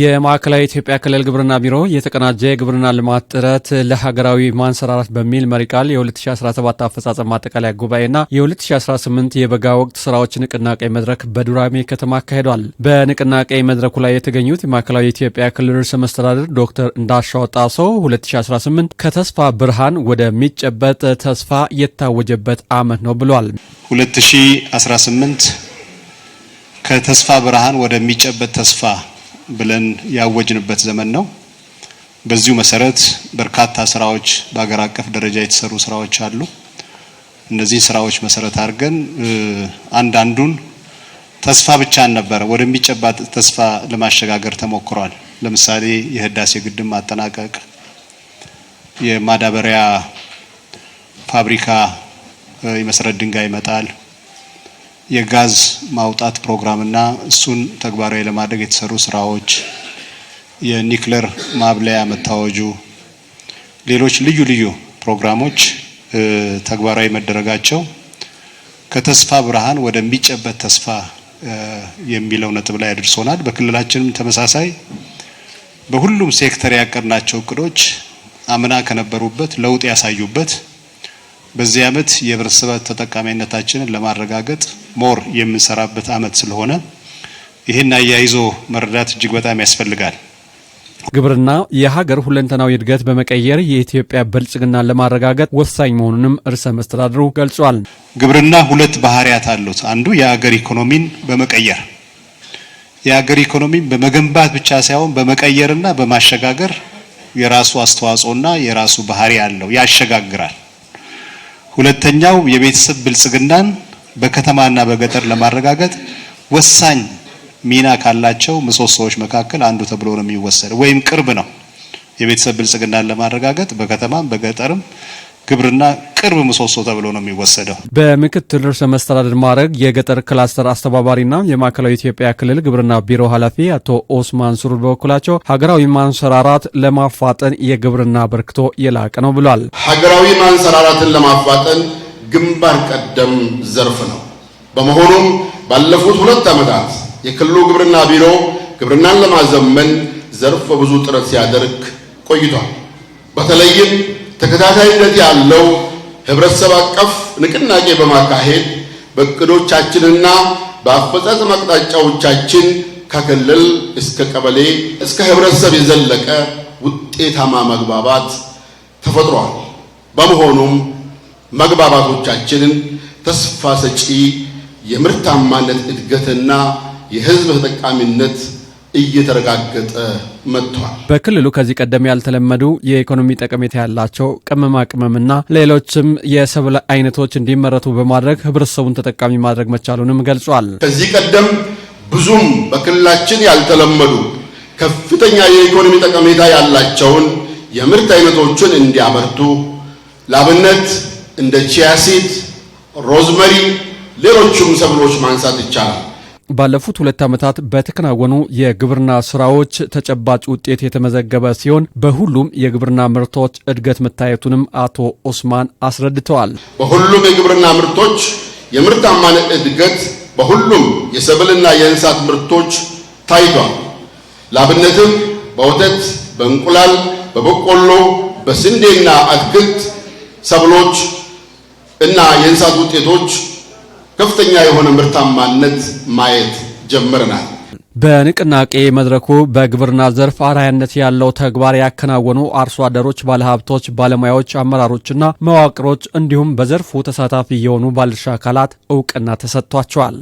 የማዕከላዊ ኢትዮጵያ ክልል ግብርና ቢሮ የተቀናጀ የግብርና ልማት ጥረት ለሀገራዊ ማንሰራራት በሚል መሪ ቃል የ2017 አፈጻጸም ማጠቃለያ ጉባኤና የ2018 የበጋ ወቅት ስራዎች ንቅናቄ መድረክ በዱራሜ ከተማ አካሂዷል። በንቅናቄ መድረኩ ላይ የተገኙት የማዕከላዊ ኢትዮጵያ ክልል ርዕሰ መስተዳድር ዶክተር እንዳሻው ጣሰው 2018 ከተስፋ ብርሃን ወደሚጨበጥ ተስፋ የታወጀበት ዓመት ነው ብሏል። 2018 ከተስፋ ብርሃን ወደሚጨበጥ ተስፋ ብለን ያወጅንበት ዘመን ነው። በዚሁ መሰረት በርካታ ስራዎች በአገር አቀፍ ደረጃ የተሰሩ ስራዎች አሉ። እነዚህ ስራዎች መሰረት አድርገን አንዳንዱን ተስፋ ብቻ ነበረ ወደሚጨባጥ ተስፋ ለማሸጋገር ተሞክሯል። ለምሳሌ የህዳሴ ግድብ ማጠናቀቅ፣ የማዳበሪያ ፋብሪካ የመሰረት ድንጋይ ይመጣል። የጋዝ ማውጣት ፕሮግራም እና እሱን ተግባራዊ ለማድረግ የተሰሩ ስራዎች፣ የኒክለር ማብለያ መታወጁ፣ ሌሎች ልዩ ልዩ ፕሮግራሞች ተግባራዊ መደረጋቸው ከተስፋ ብርሃን ወደሚጨበት ተስፋ የሚለው ነጥብ ላይ አድርሶናል። በክልላችንም ተመሳሳይ በሁሉም ሴክተር ያቀድናቸው እቅዶች አምና ከነበሩበት ለውጥ ያሳዩበት በዚህ ዓመት የህብረተሰብ ተጠቃሚነታችንን ለማረጋገጥ ሞር የምንሰራበት ዓመት ስለሆነ ይህን አያይዞ መረዳት እጅግ በጣም ያስፈልጋል። ግብርና የሀገር ሁለንተናዊ እድገት በመቀየር የኢትዮጵያ ብልጽግና ለማረጋገጥ ወሳኝ መሆኑንም እርሰ መስተዳድሩ ገልጿል። ግብርና ሁለት ባህሪያት አሉት። አንዱ የሀገር ኢኮኖሚን በመቀየር የሀገር ኢኮኖሚን በመገንባት ብቻ ሳይሆን በመቀየርና በማሸጋገር የራሱ አስተዋጽኦና የራሱ ባህሪ አለው፣ ያሸጋግራል። ሁለተኛው የቤተሰብ ብልጽግናን በከተማና በገጠር ለማረጋገጥ ወሳኝ ሚና ካላቸው ምሰሶዎች መካከል አንዱ ተብሎ ነው የሚወሰደው ወይም ቅርብ ነው። የቤተሰብ ብልጽግናን ለማረጋገጥ በከተማም በገጠርም ግብርና የቅርብ ምሰሶ ተብሎ ነው የሚወሰደው። በምክትል ርዕሰ መስተዳድር ማዕረግ የገጠር ክላስተር አስተባባሪና የማዕከላዊ ኢትዮጵያ ክልል ግብርና ቢሮ ኃላፊ አቶ ኦስማን ሱሩር በበኩላቸው ሀገራዊ ማንሰራራት ለማፋጠን የግብርና በርክቶ የላቀ ነው ብሏል። ሀገራዊ ማንሰራራትን ለማፋጠን ግንባር ቀደም ዘርፍ ነው። በመሆኑም ባለፉት ሁለት ዓመታት የክልሉ ግብርና ቢሮ ግብርናን ለማዘመን ዘርፍ ብዙ ጥረት ሲያደርግ ቆይቷል። በተለይም ተከታታይነት ያለው ህብረተሰብ አቀፍ ንቅናቄ በማካሄድ በእቅዶቻችንና በአፈጻጸም አቅጣጫዎቻችን ከክልል እስከ ቀበሌ እስከ ህብረተሰብ የዘለቀ ውጤታማ መግባባት ተፈጥሯል። በመሆኑም መግባባቶቻችንን ተስፋ ሰጪ የምርታማነት እድገትና የህዝብ ተጠቃሚነት እየተረጋገጠ መጥቷል። በክልሉ ከዚህ ቀደም ያልተለመዱ የኢኮኖሚ ጠቀሜታ ያላቸው ቅመማ ቅመምና ሌሎችም የሰብል አይነቶች እንዲመረቱ በማድረግ ህብረተሰቡን ተጠቃሚ ማድረግ መቻሉንም ገልጿል። ከዚህ ቀደም ብዙም በክልላችን ያልተለመዱ ከፍተኛ የኢኮኖሚ ጠቀሜታ ያላቸውን የምርት አይነቶችን እንዲያመርቱ ላብነት እንደ ቺያሲድ፣ ሮዝመሪ፣ ሌሎችም ሰብሎች ማንሳት ይቻላል። ባለፉት ሁለት ዓመታት በተከናወኑ የግብርና ስራዎች ተጨባጭ ውጤት የተመዘገበ ሲሆን በሁሉም የግብርና ምርቶች እድገት መታየቱንም አቶ ኦስማን አስረድተዋል። በሁሉም የግብርና ምርቶች የምርታማን እድገት በሁሉም የሰብልና የእንስሳት ምርቶች ታይቷል። ላብነትም በወተት፣ በእንቁላል፣ በበቆሎ፣ በስንዴና አትክልት ሰብሎች እና የእንስሳት ውጤቶች ከፍተኛ የሆነ ምርታማነት ማየት ጀምረናል። በንቅናቄ መድረኩ በግብርና ዘርፍ አርአያነት ያለው ተግባር ያከናወኑ አርሶ አደሮች፣ ባለሀብቶች፣ ባለሙያዎች፣ አመራሮችና መዋቅሮች እንዲሁም በዘርፉ ተሳታፊ የሆኑ ባለድርሻ አካላት እውቅና ተሰጥቷቸዋል።